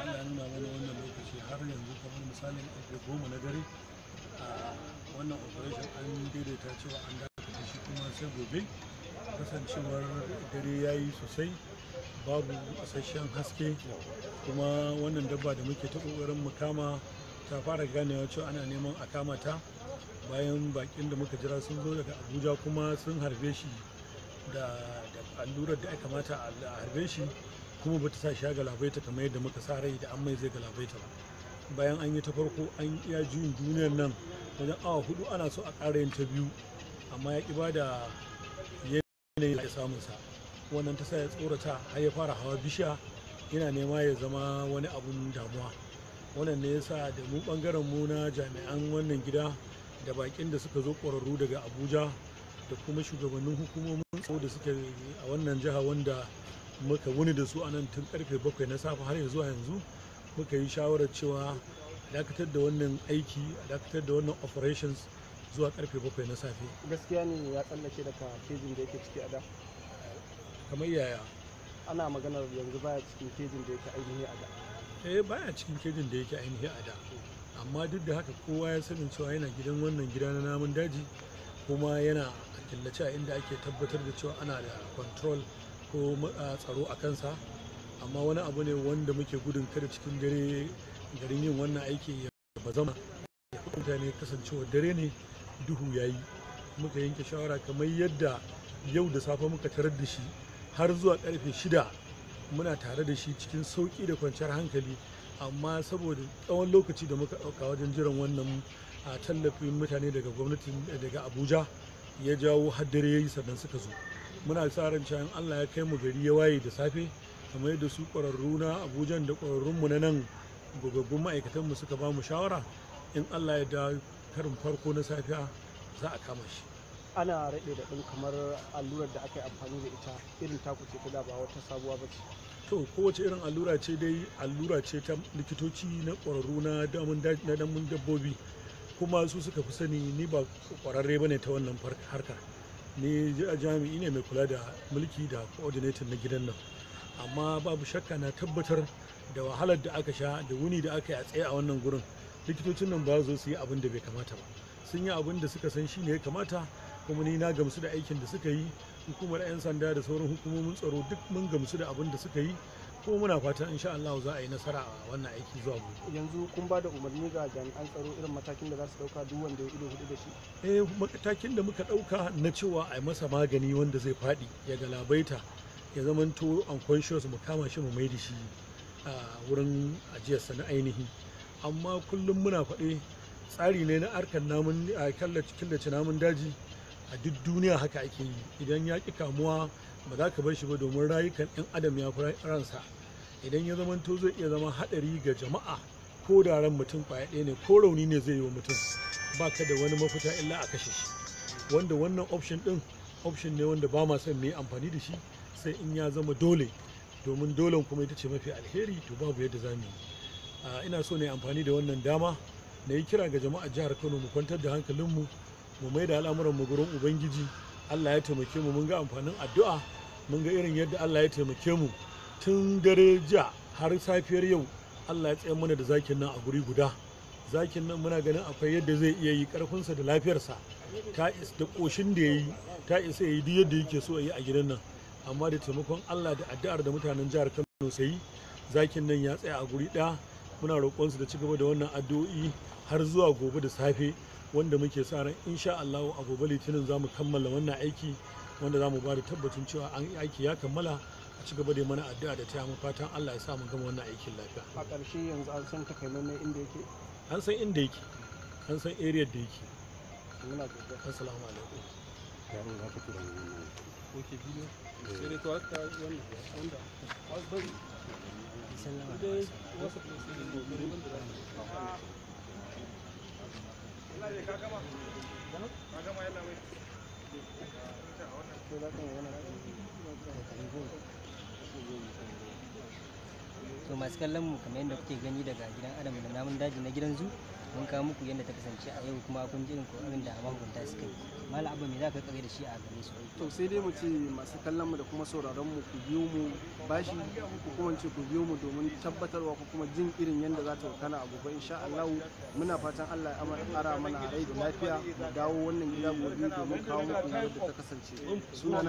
Allah ya nuna mana wannan lokaci har yanzu kamar misalin ƙarfe goma na dare a wannan operation an daidaita cewa an dakata shi kuma sai gobe kasancewar dare ya yi sosai babu isasshen haske kuma wannan dabba da muke ta ƙoƙarin mu kama ta fara ganewa cewa ana neman a kama ta bayan bakin da muka jira sun zo daga abuja kuma sun harbe shi da allurar da ya kamata a harbe shi kuma bata sa shi ya galabaita kamar yadda muka sa rai da an mai zai galabaita ba bayan an yi ta farko an iya juyin duniyar nan wajen awa hudu ana so a ƙara yin ta biyu amma ya ƙi ba da yanayin da samun sa wannan ta sa ya tsorata har ya fara hawa bishiya yana nema ya zama wani abun damuwa wannan ne yasa da mu bangaren mu na jami'an wannan gida da bakin da suka zo ƙwararru daga abuja da kuma shugabannin hukumomin tsaro da suke a wannan jiha wanda muka wuni da su a nan tun karfe bakwai na safe har yanzu yanzu muka yi shawarar cewa dakatar da wannan aiki a dakatar da wannan operations zuwa karfe bakwai na safe gaskiya ne ya tsallake daga kejin da yake ciki a da kamar yaya ana maganar yanzu baya cikin kejin da yake ainihi a da eh baya cikin kejin da yake ainihi a da amma duk da haka kowa ya sanin cewa yana gidan wannan gida na namun daji kuma yana a killace a inda ake tabbatar da cewa ana da control ko tsaro a kansa amma wani abu ne wanda muke gudun kada cikin dare garin yin wannan aiki ya ba zama ya fi mutane kasancewa dare ne duhu ya yi muka yanke shawara kamar yadda yau da safe muka tarar da shi har zuwa karfe shida muna tare da shi cikin sauƙi da kwanciyar hankali amma saboda tsawon lokaci da muka ɗauka wajen jiran wannan tallafin mutane daga gwamnatin daga abuja ya jawo har dare ya yi sannan suka zo muna sa ran cewa Allah ya kai mu gari ya waye da safe kamar yadda su ƙwararru na Abuja da ƙwararrun mu na nan gogaggun ma'aikatan mu suka ba mu shawara in Allah ya da karin farko na safiya za a kama shi ana raɗe da ɗin kamar allurar da aka yi amfani da ita irin taku ce ta da ba wata sabuwa ba ce to kowace irin allura ce dai allura ce ta likitoci na ƙwararru na damun dabbobi kuma su suka fi sani ni ba ƙwararre ba ne ta wannan harkar ni jami'i ne mai kula da mulki da coordinator na gidan nan amma babu shakka na tabbatar da wahalar da aka sha da wuni da aka yi a tsaye a wannan gurin likitocin nan ba zo su yi abin da bai kamata ba sun yi abin da suka san shi ne ya kamata kuma ni na gamsu da aikin da suka yi hukumar 'yan sanda da sauran hukumomin tsaro duk mun gamsu da abin da suka yi ko muna fatan insha Allah za a yi nasara a wannan aiki zuwa gobe yanzu kun ba da umarni ga jami'an tsaro irin matakin da za su dauka duk wanda ya ido hudu da shi eh matakin da muka dauka na cewa a yi masa magani wanda zai fadi ya galabaita ya zamanto unconscious mu kama shi mu mai da shi a wurin ajiyarsa na ainihi amma kullum muna faɗe tsari ne na arkan namun a kallace namun daji a duk duniya haka ake yi idan ya ƙi kamuwa ba za ka bar shi ba domin rayukan ɗan adam ya fi ransa idan ya zama to zai iya zama haɗari ga jama'a ko da ran mutum kwaya ɗaya ne ko rauni ne zai yi wa mutum ba ka da wani mafita illa a kashe shi wanda wannan option ɗin option ne wanda ba ma son mai amfani da shi sai in ya zama dole domin dole kuma ita ce mafi alheri to babu yadda za mu yi ina so ne amfani da wannan dama na yi kira ga jama'a jihar kano mu kwantar da hankalinmu mu mai da al'amuran mu gurin ubangiji Allah ya taimake mu mun ga amfanin addu'a mun ga irin yadda Allah ya taimake mu tun dare jiya har safiyar yau Allah ya tsaye mana da zakin nan a guri guda zakin nan muna ganin akwai yadda zai iya yi karfinsa da lafiyarsa ta is da koshin da yayi ta isa yayi duk yadda yake so yi a gidan nan amma da taimakon Allah da addu'ar da mutanen jihar Kano sai zakin nan ya tsaya a guri ɗaya muna roƙonsu da cigaba da wannan addu'o'i har zuwa gobe da safe wanda muke sa ran insha Allah a gobe litinin za mu kammala wannan aiki wanda za mu ba da tabbacin cewa an aiki ya kammala a ci gaba da mana addu'a da taya mu fatan Allah ya sa mu gama wannan aikin lafiya a ƙarshe yanzu an san takamaiman inda yake an san inda yake an san area da yake muna godiya assalamu alaikum yaron za ta kira ne ko ke bidiyo sai ne to haka wanda wanda to masu kallon mu kamar yadda kuke gani daga gidan adam da namun daji na gidan zu mun kawo muku yadda ta kasance a yau kuma kun ji abin da mahukunta suka yi mala abu me za ka kare da shi a gare su to sai dai mu ce masu kallon mu da kuma sauraron mu ku biyo mu bashi ku kuma ce ku biyo mu domin tabbatarwa ko kuma jin irin yadda za ta wakana a gobe insha Allah muna fatan Allah ya ara mana rai da lafiya mu dawo wannan gida gobe domin kawo muku yadda ta kasance sunana